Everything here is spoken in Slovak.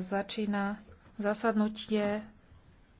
začína zasadnutie